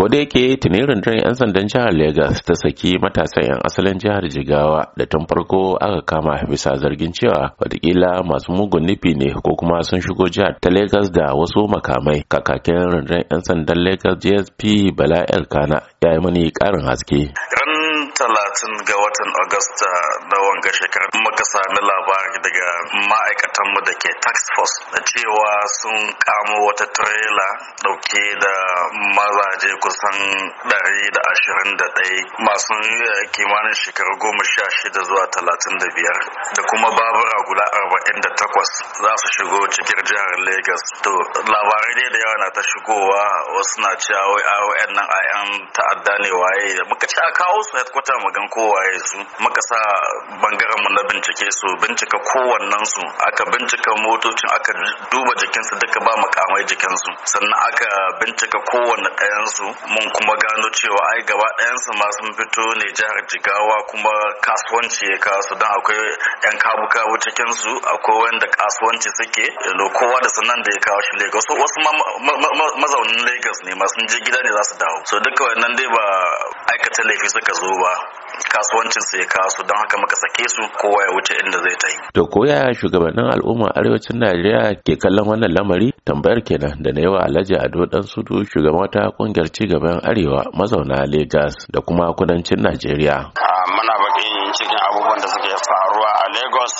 ko da yake tuni rundunar 'yan sandan jihar Legas ta saki matasan 'yan asalin jihar Jigawa da tun farko aka kama bisa zargin cewa watakila masu mugun nufi ne ko kuma sun shigo jihar ta Legas da wasu makamai kakakin rundunar 'yan sandan Legas JSP Bala Elkana ya yi mani karin haske. talatin ga watan Agusta na wanga shekarar. muka sami labari daga ma'aikatanmu da ke tax force da cewa sun kamo wata tirela dauke da mazaje kusan ɗari da ashirin da ɗaya masu eh, kimanin shekaru goma sha shida zuwa talatin da biyar da kuma babura guda arba'in da takwas za su shigo cikin jihar Legas. To labarai ne da yawa na ta shigowa wasu na cewa wai ah, nan a 'yan ta'adda ne waye da muka ci a kawo su headquarter sa mu gan kowaye su muka sa bangaren mu na bincike su bincika kowannen su aka bincika motocin aka duba su duka ba makamai jikinsu sannan aka bincika kowanne ɗayan su mun kuma gano cewa ai gaba ɗayan su ma sun fito ne jihar Jigawa kuma kasuwanci ya kasu dan akwai yan kabu-kabu cikin su akwai wanda kasuwanci suke kowa da sanan da ya kawo shi Lagos wasu mazaunin Lagos ne masu je gida ne za su dawo so duka wannan dai ba aikata laifi suka zo ba kasuwancin sai kasu don haka muka sake su kowa ya wuce inda zai tayi. To ya shugabannin al'umma arewacin Najeriya ke kallon wannan lamari tambayar kenan da na yawa Alhaji Ado Dan Sudu shugaban ta kungiyar gaban Arewa mazauna Legas da kuma kudancin Najeriya. Muna bakin cikin abubuwan da suke faruwa a Lagos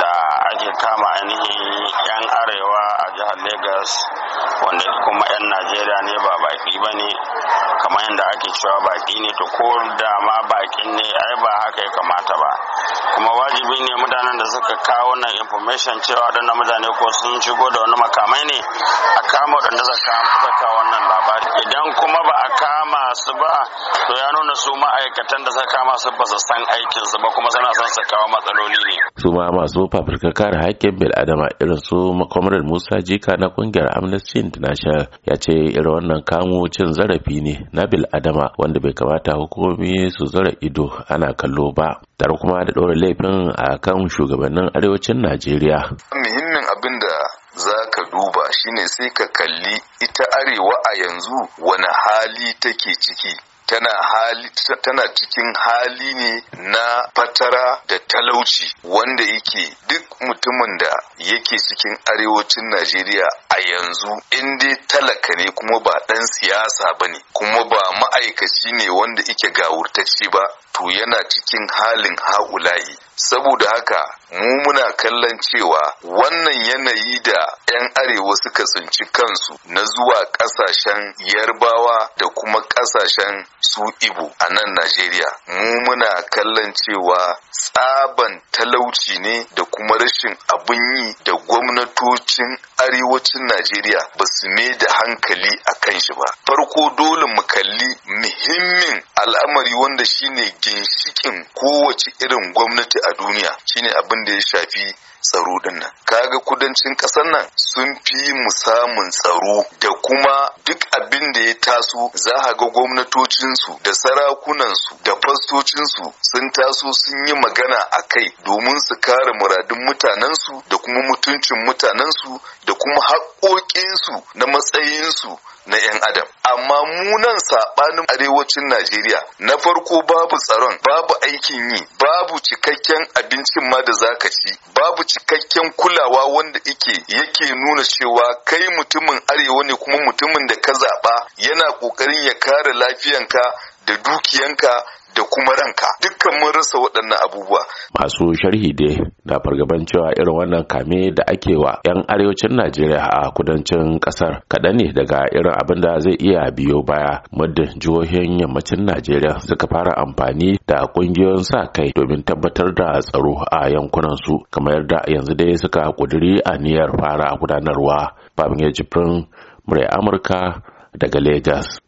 da ake kama ainihin 'yan arewa a jihar Lagos wanda kuma 'yan najeriya ne ba baki ba ne kamar yadda ake cewa baki ne to ko da ma bakin ne ai ba haka ya kamata ba kuma wajibi ne mutanen da suka kawo wannan information cewa waɗannan mutane ko sun shigo da wani makamai ne a kama waɗanda suka kawo wannan idan kuma ba a kama su ba to ya nuna su ma'aikatan da suka kama su ba su san aikin su ba kuma suna son su kawo matsaloli ne su ma masu fafirka kare haƙƙin bil adama irin su makwamarar Musa Jika na kungiyar Amnesty International ya ce irin wannan kamo cin zarafi ne na bil adama wanda bai kamata hukumomi su zara ido ana kallo ba tare kuma da ɗora laifin a kan shugabannin arewacin Najeriya. Muhimmin abin da duba shine sai ka kalli ita arewa a yanzu wani hali take ciki tana hali tana cikin hali ne na fatara da talauci wanda yake duk mutumin da yake cikin arewacin Najeriya yanzu in dai talaka ne kuma ba ɗan siyasa ba ne kuma ba ma'aikaci ne wanda ike gawurtacci ba to yana cikin halin ha'ula'i saboda haka mu muna kallon cewa wannan yanayi da 'yan arewa suka tsinci kansu na zuwa ƙasashen yarbawa da kuma ƙasashen su ibo a nan najeriya mu muna kallon cewa tsaban talauci ne da kuma rashin abin yi da gwamnatocin arewacin Najeriya ba su mai da hankali a kan shi ba. Farko dole mu kalli muhimmin al'amari wanda shine ginshikin kowace irin gwamnati a duniya shine abin da ya shafi tsaro din nan kaga kudancin ƙasar nan sun fi mu samun tsaro da kuma duk abin da ya taso za a ga gwamnatocinsu da sarakunansu da fastocinsu sun taso sun yi magana a kai domin su kare muradun mutanensu da kuma mutuncin mutanensu da kuma haƙoƙinsu na matsayinsu na 'yan adam amma munan saɓanin arewacin najeriya na farko babu tsaron babu aikin yi babu cikakken abincin ma da zaka ci babu cikakken kulawa wanda ike yake nuna cewa kai mutumin arewa ne kuma mutumin da ka zaɓa yana ƙoƙarin ya kare lafiyanka da dukiyanka da kuma ranka dukkan mun rasa waɗannan abubuwa. Masu sharhi dai na fargaban cewa irin wannan kame da ake wa 'yan arewacin Najeriya a kudancin ƙasar kaɗan ne daga irin abin da zai iya biyo baya muddin jihohin yammacin Najeriya suka fara amfani da ƙungiyoyin sa kai domin tabbatar da tsaro a yankunan su kamar yadda yanzu dai suka a niyyar fara gudanarwa. Babin Jibrin Murai Amurka daga Legas.